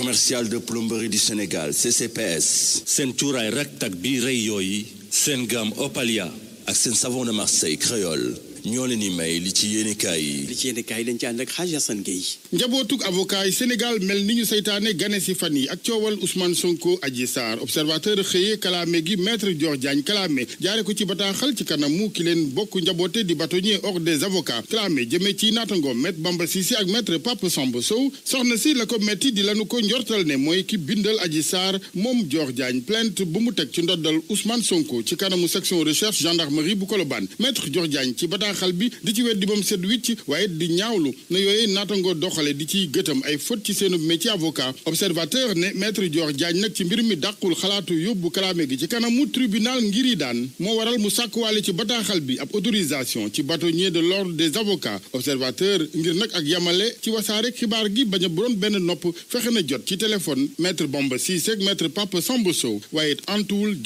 Commercial de plomberie du Sénégal CCPS sen touray rectak bi saint Opalia ak savon de Marseille créole ñoo leen di may li ci yéene kaay yi. li ci yéene kaay yi dañ ci ànd ak Hadj yi Sénégal mel ni ñu seytaane gane si fan yi ak coowal Ousmane Sonko Adji Sarr observateur xëyee kalaame gi maître Dior Diagne kalaame jaare ko ci bataaxal ci kanamu ki leen bokk njaboote di bâtonnier ordre des avocats kalaame jëmee ci naatangoom maître Bamba Cissé ak maître Pape Samba Sow soxna si la ko metti di lanu ko njortal ne mooy ki bindal Adji Sarr moom Dior Diagne plainte bu mu teg ci ndoddal Ousmane Sonko ci kanamu section recherche gendarmerie bu Colobane maître Dior Diagne bataaxal bi di ci weddi ba mu set wicc waaye di ñaawlu ne yooyu naatangoo doxale di ciy gëtam ay faute ci seenu métier avocat observateur ne maître Dior Diagne nag ci mbir mi dàqul xalaatu yóbbu kalaame gi ci kanamu tribunal ngir yi daan moo waral mu sàkkuwaale ci bataaxal bi ab autorisation ci bâtonnier de l'ordre des avocats observateur ngir nag ak yamale ci wasaare xibaar gi bañ a doon benn nopp fexe na jot ci téléphone maître Bamba Cissé ak maître Papa Samba Sow waaye antuwul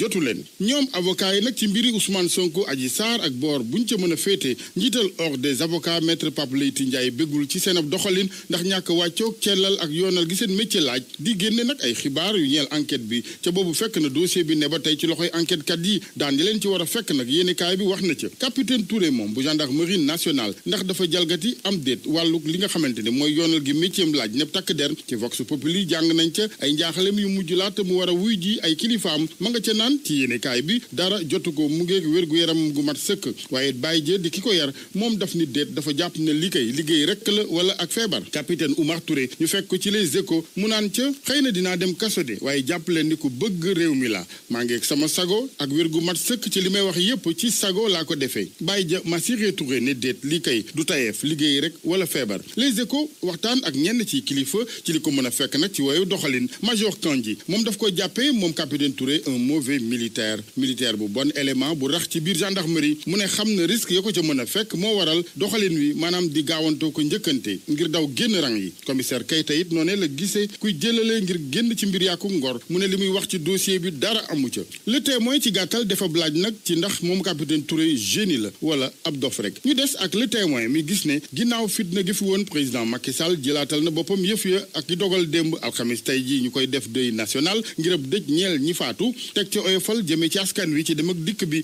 Ndiaye njiital ordre des avocats maître Pape Leyti Ndiaye bëggul ci seen ab doxalin ndax ñàkk wàccoog cellal ak yoonal gi seen métier laaj di génne nag ay xibaar yu ñeel enquête bi ca boobu fekk na dossier bi ne ba tey ci loxoy enquête kat yi daan di leen ci war a fekk nag yéenekaay bi wax na ca capitaine Touré moom bu gendarmerie nationale ndax dafa jalgati am déet wàllu li nga xamante ne mooy yoonal gi métier laaj nepp takk der ci vox populi jàng nañ ca ay njaaxalem yu mujj laata mu war a wuy ji ay kilifaam ma nga ca naan ci yéenekaay bi dara jotu ko mu ngeeg yaram gu mat sëkk ko yar moom daf ni déet dafa jàpp ne liggéey liggéey rek la wala ak feebar capitaine Oumar Touré ñu fekk ko ci les échos mu naan ca xëy na dinaa dem kaso de waaye jàpp leen ni ku bëgg réew mi la maa ngi sama sago ak wér gu mat sëkk ci li may wax yépp ci sago laa ko defee bàyyi ja Massiré Touré ne déet li du tayeef liggéey rek wala feebar les échos waxtaan ak ñenn ci kilifa ci li ko mën a fekk nag ci woyu doxalin major Kandji moom daf ko jàppee moom capitaine Touré un mauvais militaire militaire bu bon élément bu rax ci biir gendarmerie mu ne xam na risque ya ko ca mën a fekk moo waral doxalin wi maanaam di gaawantoo ko njëkkante ngir daw génn rang yi commissaire Keita it noonee la gisee kuy jëlalee ngir génn ci mbir yàqu ngor mu ne li muy wax ci dossier bi dara amu ca le témoin ci gàttal dafa blaaj nag ci ndax moom capitaine Touré génie la wala ab dof rek ñu des ak le mi gis ne ginnaaw fitna gi fi woon président Macky Sall jëlaatal na boppam yëf ya ak i dogal démb alxamis tey ji ñu koy def deuil national ngir ab dëj ñeel ñi faatu teg ci oyofal jëmee ci askan wi ci dem bi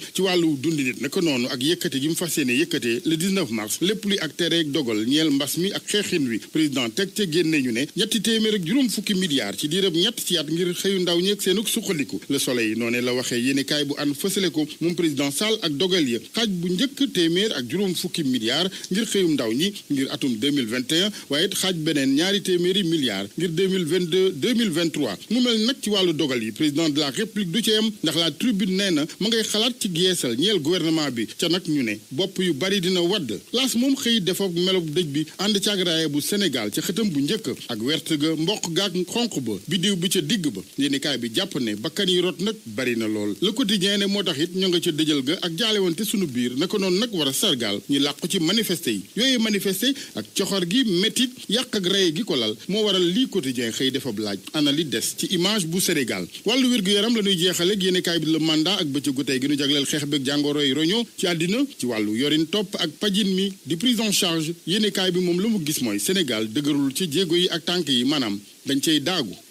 ci yëkkatee le 19 mars lépp luy ak tere ak dogal ñeel mbas mi ak xeexin wi président teg ca génne ñu ne ñetti téeméer ak juróom fukki milliards ci diirab ñett ci at ngir xëyu ndaw ñeeg seenuk suqaliku le soleil noo la waxee yéene kaay bu an fësale ko moom président Sall ak dogal ya xaaj bu njëkk téeméer ak juróom fukki milliards ngir xëyum ndaw ñi ngir atum 2021 waaye it xaaj beneen ñaari téeméeri milliards ngir 2022 2023 mu mel nag ci wàllu dogal yi président de la république du ci ndax la tribune nee na ma ngay xalaat ci yeesal ñeel gouvernement bi ca nag ñu ne bopp yu yu bari dina wadd laas moom xëy dafa melob dëj bi ànd caagaraaya bu Sénégal ci xëtam bu njëkk ak wert ga mboq gaak xonq ba biddiw bi ca digg ba yéenekaay bi jàpp ne bakkan yi rot nag bari na lool Le Quotidien ne moo tax it ñoo nga ca dëjal ga ak jaale jaalewante sunu biir naka noonu nag war a sargaal ñu làqu ci manifeste yi yooyu manifesté ak coxor gi métit yàq ak rey gi ko lal moo waral lii Quotidien xëy dafa laaj anali des ci image bu Sénégal wàllu wér-gu-yaram la ñuy jeexale ak yéenekaay bi Le Mandat ak bëccëgu tey gi ñu jagleel xeex beeg jàngoro yi Top topp ak pajin mi di prise en charge yéenekaay bi moom lu mu Sénégal dëgërul ci jéego yi ak tànk yi maanaam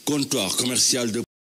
comptoir commercial de